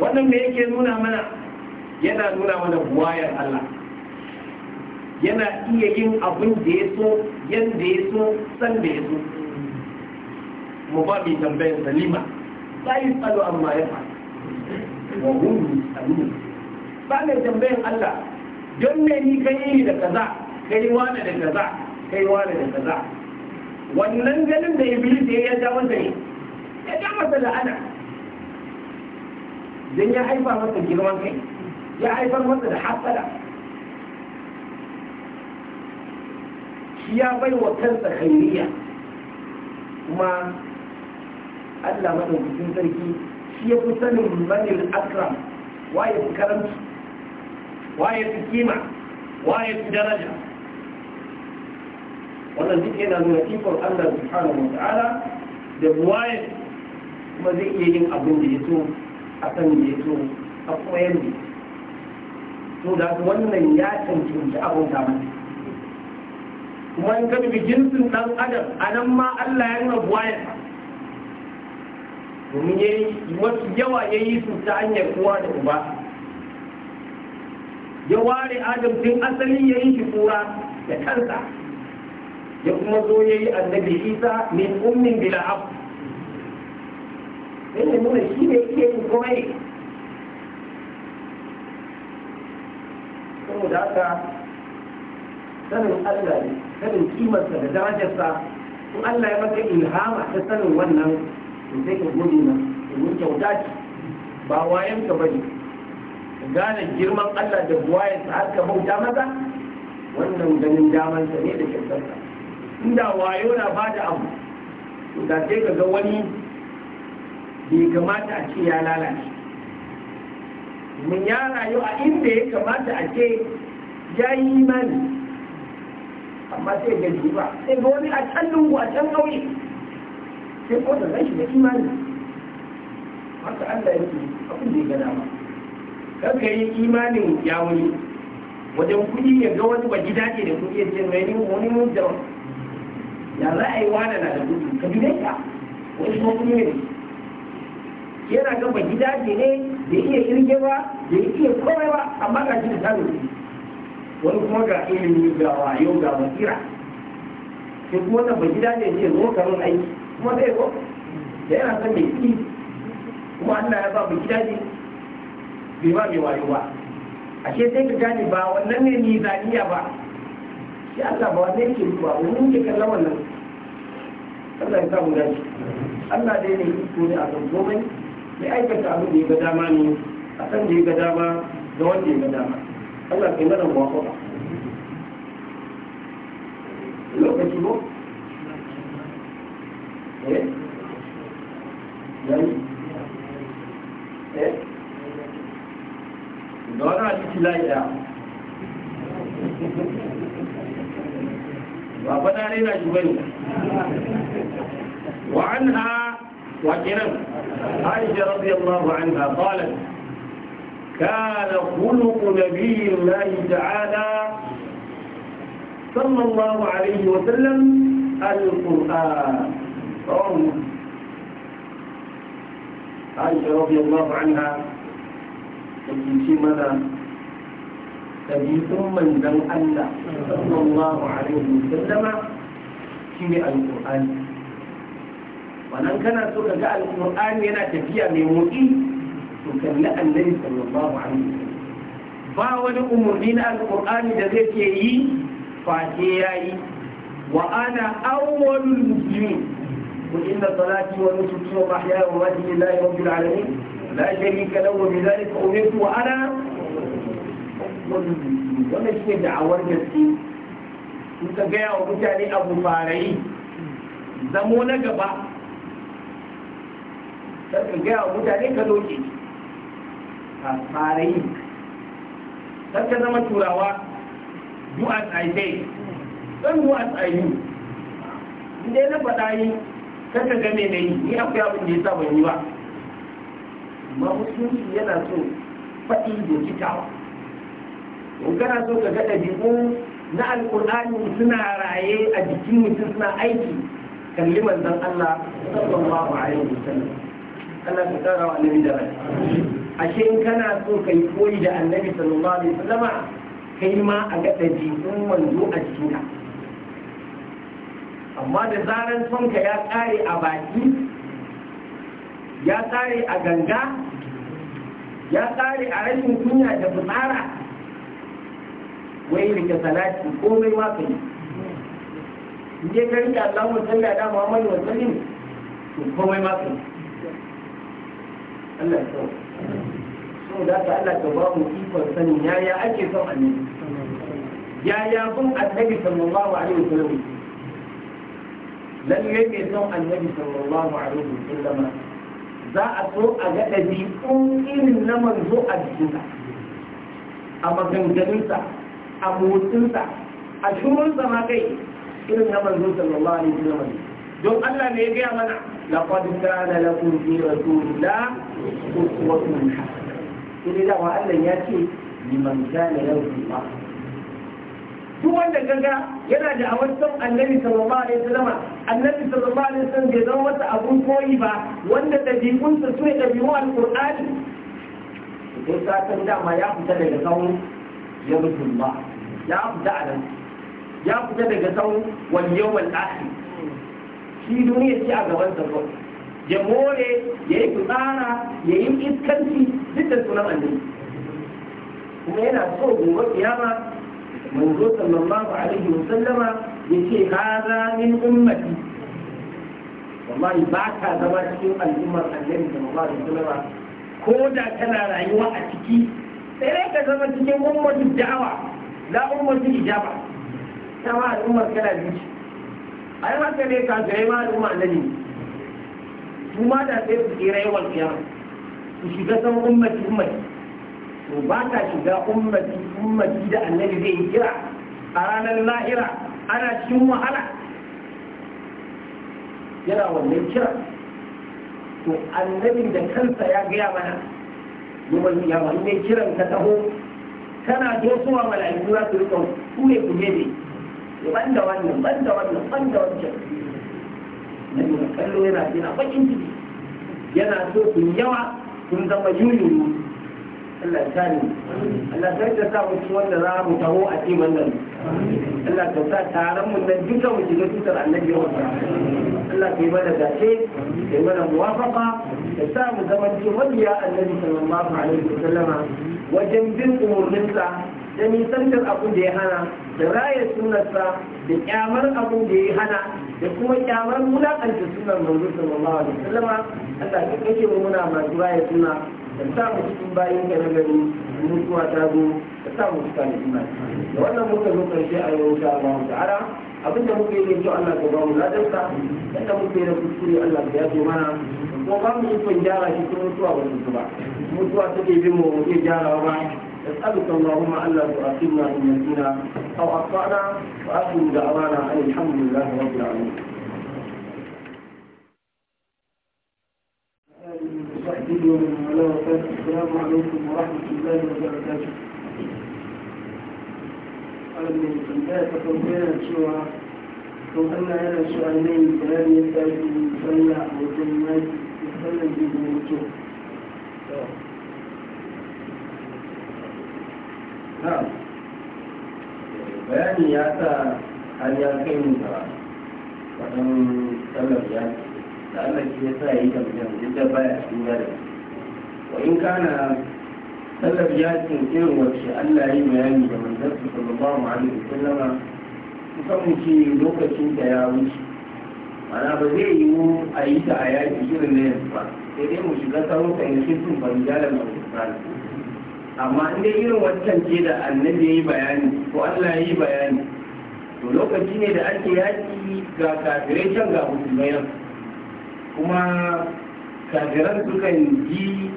wannan da yake nuna mana yana nuna mana buwayar Allah yana iya yin abin da ya so yadda ya so san da ya so mu ba mai tambayar salima ba yi tsalo amma ya fa wa hudu salima ba mai tambayar Allah don me ni kan yi da kaza kai wane da kaza kai wane da kaza wannan ganin da ya iblis ya ja masa ne ya ja masa la'ana don ya haifar masa girman kai ya haifar masa da hasada shi ya bai wa kansa khairiyya kuma Allah madaukakin sarki shi ya fi sanin manil akram waye fi karanci waye fi kima waye fi daraja wannan duk yana nuna ikon Allah subhanahu wa ta'ala da waye kuma zai iya yin abin da ya so A da ya zo a koyar da to da wannan ya cancanci da mata kuma in ka bikin jinsin dan adam a nan ma Allah ya nuna buwayar domin ya yi wasu yawa ya yi su ta hanyar kowa da uba ya ware adam tun asali ya yi shi kura da kansa ya kuma zo ya yi annabi isa min ummin bila abu yana nuna shi ne iya yin komai ne saboda haka sanin Allah ne sanin kimarsa da darajarsa in Allah ya maka ilhama ta sanin wannan in sai ka gode na domin kyauta ce ba wayan ka bane gane girman Allah da buwayensa har ka bauta masa wannan ganin damansa ne da kyautarsa inda wayo na bada abu da sai ka ga wani bai kamata a ce ya lalace mun ya rayu a inda ya kamata a ce ya yi imani amma sai ga ba sai ga wani a can lungu a can ƙauye sai ko da rashi da imani haka Allah ya ce abin da ya gana ba kanka yi imanin ya wuni wajen kudi ya ga wani ba gida da kudi ya ce mai ni wani mun da ya za a yi wani na da kudi ka bi ka wani kuma kudi ne yana ga bai dace ne da iya kirge ba da iya komai ba amma ga shi da tsarin wani kuma ga ilimi ga wayo ga basira shi kuma na bai dace ne zo karin aiki kuma zai ko da yana son mai kuɗi kuma an ya ba bai ne bai ba mai wayo ba ke sai ka gane ba wannan ne zaniya ba shi Allah ba wannan yake ba mun yake kallon wannan Allah ya samu dace Allah dai ne iko ne a kan komai ya aikata abu da ya ga dama ne a san da ya ga dama da wanda ya ga dama Allah ke mana kuma lokaci ko eh yayi eh da wani hadisi la ila ba fada ne na shi bane wa anha وكنا عائشة رضي الله عنها قالت كان خلق نبي الله تعالى صلى الله عليه وسلم القرآن عائشة رضي الله عنها تجيشي ماذا من ذن أن صلى الله عليه وسلم في القرآن wannan kana so ka ga alƙur'ani yana tafiya mai motsi to kalli annabi sallallahu alaihi wasallam ba wani umarni na alƙur'ani da zai ce yi face yayi wa ana awwalul muslimin قل إن صلاتي ونسكي ومحياي ومماتي لله رب العالمين لا شريك له وبذلك أمرت وأنا wannan shi ne da'awar gaske in ka gaya wa mutane abu farai zamo na gaba don ka gaya wa mutane ka doke ka fara yi don ka zama turawa do as dai don do as I inda na faɗa yi kan ka game da yi ni akwai abin da ya sa ban yi ba amma musulunci yana so faɗi da cikawa in kana so ka ga ɗabi'u na alƙur'ani suna raye a jikin mutum suna aiki kalli manzon Allah sallallahu alaihi wasallam Allah ka tsara wa annabi da rai ashe in kana so ka yi koyi da annabi sallallahu alaihi wasallama kai ma a ga ɗabi'un wanzu a cikinka amma da zaran sonka ya tsare a baki ya tsare a ganga ya tsare a rashin kunya da fitsara wai rike salati komai ma kai in je ka rike Allah wa sallallahu alaihi wasallam to komai ma kai Allah ya kawo so da ka Allah ka ba mu ikon sanin yaya ake son annabi yaya bin annabi sallallahu alaihi wasallam lalle mai son annabi sallallahu alaihi wasallam za a so a ga ɗabi'un irin na manzo a jikinsa a maganganunsa a motsinsa a shurunsa ma kai irin na manzo sallallahu alaihi wasallam don Allah ne ya gaya mana laqad kana lakum fi rasulillah ko kuwa kun ha sai dai dawa Allah ya ce liman kana yawma duk wanda gaga yana da awar son annabi sallallahu alaihi wasallam annabi sallallahu alaihi wasallam bai zama wata abun koyi ba wanda dabi'unsa su ne dabi'un alqur'ani sai ka san dama ya fita daga sahu ya musulma ya fita a nan ya fita daga sahu wal yawmal akhir shi duniya ce a gaban sa ya more ya yi fitsara ya yi iskanci duk da sunan annabi kuma yana so gobe kiyama manzo sallallahu alaihi wa sallama yace hadha min ummati wallahi ba ka zama cikin al'ummar annabi sallallahu alaihi wa sallama ko da kana rayuwa a ciki sai ka zama cikin ummatin da'awa la ummatin ijaba ta ma al'ummar kana biyu ma haka ne ka zai ma al'ummar annabi su ma da sai su tsira yawan siyar su shiga san ummati ummati to ba ta shiga ummati ummati da annabi zai yi kira a ranar lahira ana cikin wahala yana wannan kira to annabin da kansa ya gaya mana yawan yawan ne kiran ka taho kana suwa mala'iku za su kuma kure kuje ne ban da wannan ban da wannan ban da wancan na kallo yana yana bakin ciki yana so kun yawa kun zama yuyuru Allah ta ne Allah ta ta sa mutum wanda za mu taho a cikin wannan Allah ta sa taron mu nan duka mu shiga tutar annabi wa Allah ta yi mana dace ta yi mana muwafaqa ta sa mu zama cikin mabiya annabi sallallahu alaihi wa sallama wajen bin umurninsa da nisantar abin da ya hana da rayar sunarsa da kyamar abin da ya hana da kuma kyamar wulakanta sunan manzo sallallahu alaihi wasallam Allah ya kake mu muna masu rayar suna da sa mu cikin bayin ka na gari mutuwa ta zo da sa mu cikin imani da wannan muka zo karshe a yau insha Allah ta'ala abin da muke yi to Allah ka ba mu ladarsa yadda muke da kuskure Allah ya zo mana ko ba mu ikon gyara shi ko mutuwa ba su ba mutuwa take bin mu mu ke gyarawa ba نسألك اللهم ألا تؤاخذنا نسينا أو أخطأنا وأكرم دعوانا أن الحمد لله رب العالمين. السلام عليكم ورحمة الله وبركاته. قال من تنبيه تقول cewa don Allah yana so a yi bayani yadda ake yin sallah a bayani ya sa har ya kai mu ga wadan sallar ya da Allah shi ya sa yi tambayan duk da baya duba da wa in kana sallar ya cin irin wacce Allah ya yi bayani da manzon sallallahu alaihi wasallama kusan ce lokacin da ya wuce mana ba zai yi mu a yi ta a yaƙi irin na yanzu ba sai dai mu shiga sauran kan yanzu sun ban jalar mai amma in dai irin wancan ce da annabi ya yi bayani ko Allah ya yi bayani to lokaci ne da ake yaƙi ga kafirai can ga musulmai kuma kafiran sukan ji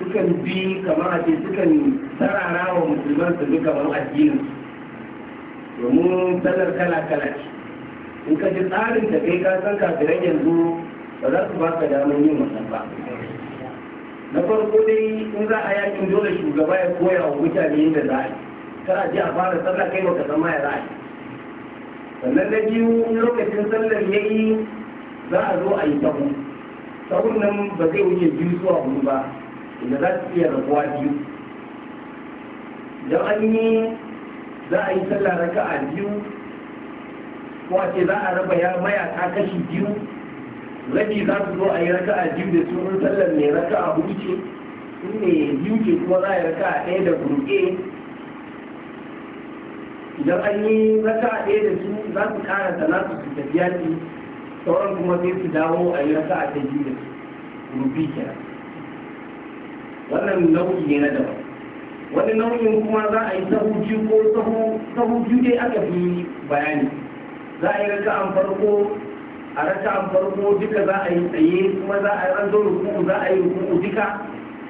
sukan bi kamar a ce sukan sarara wa musulman su bi kamar addinin domin sallar kala kala in ka ji tsarin da kai ka san kafirai yanzu ba za su ba ka damar yin wasan ba na farko dai in za a yakin dole shugaba ya koya wa mutane yadda za a yi kana ji a fara sallah kai baka san ma ya za a yi sannan na biyu in lokacin sallar ya yi za a zo a yi sahu sahun nan ba zai wuce biyu zuwa hudu ba inda za su iya rabuwa biyu don an yi za a yi sallah a biyu ko a ce za a raba ya mayaka kashi biyu rabi za su zo a yi raka a biyu da sunan sallar mai raka a hudu ce in ne biyu ce kuma za a yi raka a ɗaya da gurɓe idan an yi raka a ɗaya da su za su ƙara salatu su tafiya ce sauran kuma sai su dawo a yi raka a ta biyu da su gurɓi kenan wannan nau'i ne na daban wani nau'in kuma za a yi sahu biyu ko sahu biyu dai aka fi bayani za a yi raka an farko a raka'an farko duka za a yi tsaye kuma za a yi ranzo rukuku za a yi rukuku duka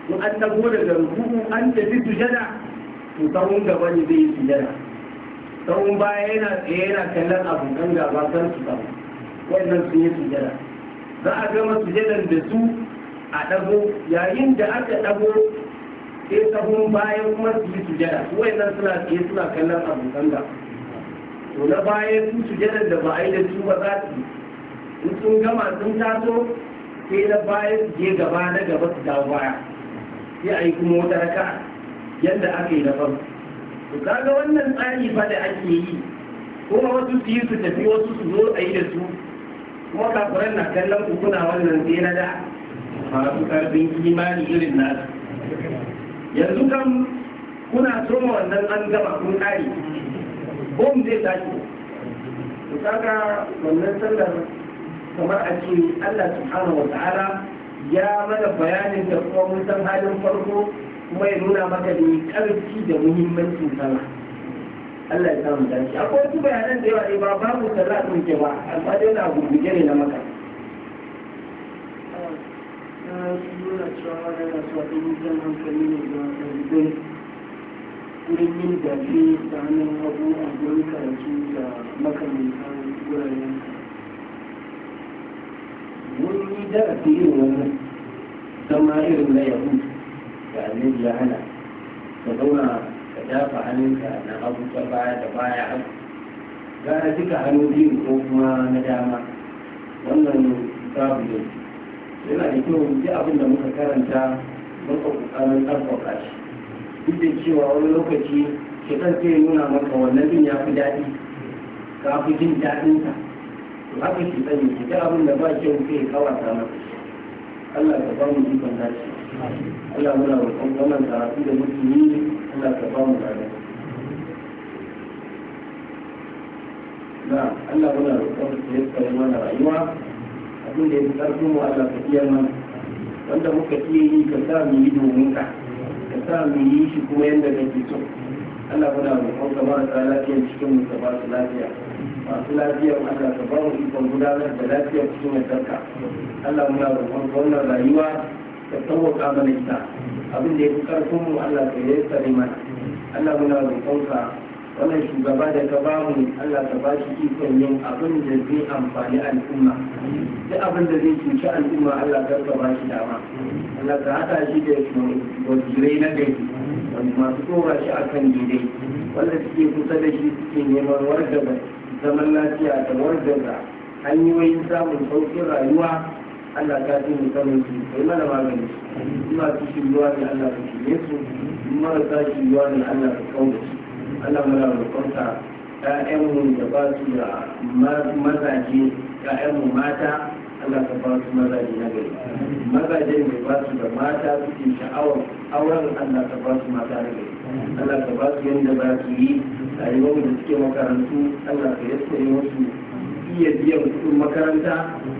in an tago daga rukuku an tafi sujada to tsawon gaba ne zai yi sujada tsawon baya yana tsaye yana kallon abokan gaba kan su sahu wannan sun yi sujada za a gama sujadan da su a ɗago yayin da aka ɗago sai tsawon bayan kuma su yi sujada wannan suna tsaye suna kallon abokan gaba to na baya su sujadar da ba a yi da su ba za su yi in sun gama sun taso sai na bayan je gaba na gaba su dawo baya sai a yi kuma wata raka yadda aka yi na farko to kaga wannan tsari ba da ake yi kuma wasu su yi su tafi wasu su zo a yi da su kuma kafuran na kallon ku kuna wannan sai na da masu karfin imani irin nasu yanzu kan kuna soma wannan an gama kun kare bom zai tashi to kaga wannan sallar kamar a ce Allah subhanahu wa ta'ala ya mana bayanin da kuma mun san halin farko kuma ya nuna maka da karfi da muhimmancin sana Allah ya samu dace akwai wasu bayanan da yawa ba ba mu sallah din ke ba amma dai na gurguje ne na maka nuna cewa hankali ne da ɗalibai wurin yin da hannun hagu a gurin karatu da makamantan wuraren Wani yi darasi irin wannan don ma irin na yahu da annabi ya hana ka zauna ka dafa hannunka na hagu ta baya da baya hagu gara duka hannu biyu ko kuma na dama wannan babu ne yana da kyau duk abin da muka karanta muka kokarin ɗaukaka shi duk da cewa wani lokaci shekar sai nuna maka wannan din ya fi daɗi ka fi jin daɗinsa haka shi ɗan yi ta abin da ba kyau sai kawata masa Allah ka ba mu ikon dace Allah muna roƙon wannan karatu da muke yi Allah ka ba mu dade na Allah muna roƙon da ya tsare mana rayuwa abin da ya fi ƙarfin mu Allah ka iya mana wanda muka iya yi ka sa mu yi domin ka ka sa mu yi shi kuma yadda kake so Allah muna roƙon ka ba ta lafiya cikin mu ka ba su lafiya masu lafiyar Allah ka ba mu ikon gudanar da lafiyar cikin yardarka Allah muna roƙon wannan rayuwa ka sauwaƙa mana ita abin da ya fi karfin mu Allah ka yi tsare mana Allah muna roƙon ka wannan shugaba da ka ba mu Allah ka ba shi ikon yin abin da zai amfani al'umma duk abin da zai cuci al'umma Allah ka ka ba shi dama Allah ka hada shi da wajirai na gari masu tsora shi akan gidai wanda suke kusa da shi suke neman warda bai zaman lafiya da wargaza hanyoyin samun sauƙin rayuwa Allah ta ce mu sanin su kai mana magani masu yiwuwa ne Allah ka shirye su marasa yiwuwa ne Allah ka kauda su Allah ta 'yan ƴaƴanmu da ba su da mazaje ƴaƴanmu mata Allah ka ba su mazaje na gari mazaje mai ba su da mata suke sha'awar auren Allah ka ba su mata na gari Allah ka ba su yadda ba su yi rayuwar da suke makarantu Allah ka yasta yi wasu iya biyan kuɗin makaranta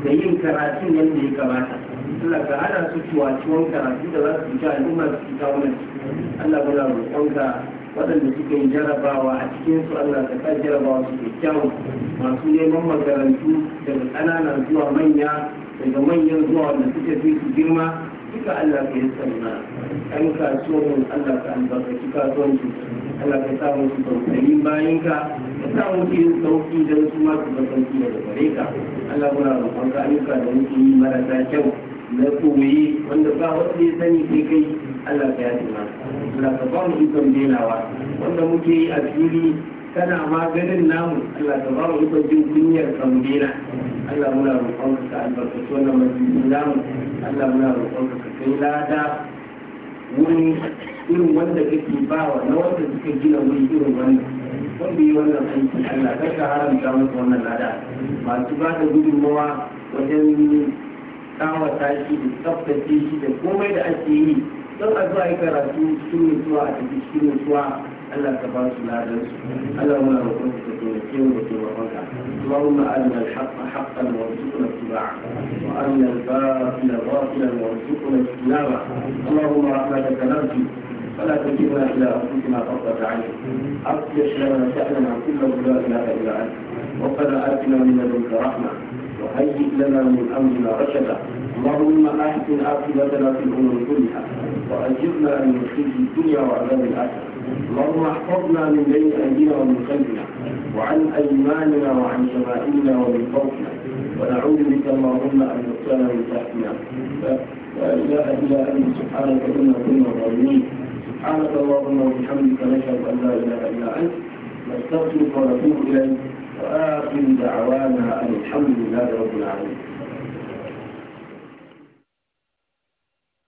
da yin karatun yadda ya kamata Allah ka hada su ciwon karatu da za su fita al'umma su fita wannan Allah muna roƙonka waɗanda suka yi jarabawa a cikin su Allah ta kai jarabawa su kyau masu neman makarantu daga ƙanana zuwa manya daga manyan zuwa wanda suke fi su girma duka Allah ka yi sanna ɗan kasuwan Allah ka albarkaci kasuwanci Allah ka sa musu tausayi bayan ka ka sa musu yin sauki don su ma su daga gare ka Allah muna roƙon ka ayyuka da muke yi marasa kyau na koyi wanda ba wanda ya sani sai kai Allah ka yaɗe ma Allah ka ba mu ikon delawa wanda muke yi a fili kana maganin namu Allah ka ba mu ikon jin kunyar kan dela Allah muna roƙon ka albarkatu wannan masjidin namu Allah muna roƙon ka kai lada wurin irin wanda kake bawa na wanda suka gina wuri irin wannan wanda yi wannan aiki Allah kar ka haramta musu wannan lada masu ba da gudunmawa wajen tsawata shi da tsaftace shi da komai da ake yi don a zuwa yi karatu cikin mutuwa a cikin cikin mutuwa Allah ka ba su ladan su Allah muna roƙon ka taimake mu da taimakon ka Allahumma arina al-haqqa haqqan wa rzuqna ittiba'a wa arina al-batila batilan wa rzuqna ijtinaba Allahumma rahmataka narju فلا تجيبنا الى انفسنا قرة عين اصلح لنا شاننا كله لا اله الا انت ربنا اتنا من لدنك رحمه وهيئ لنا من امرنا رشدا اللهم أحسن عاقبتنا في الأمور كلها وأجرنا من خزي الدنيا وعذاب الآخرة اللهم احفظنا من بين أيدينا ومن خلفنا وعن أيماننا وعن شمائلنا ومن فوقنا ونعوذ بك اللهم أن نقتل من تحتنا لا إله إلا أنت سبحانك إنا كنا ظالمين سبحانك اللهم وبحمدك نشهد أن لا إله إلا أنت نستغفرك ونتوب إليك وآخر دعوانا أن الحمد لله رب العالمين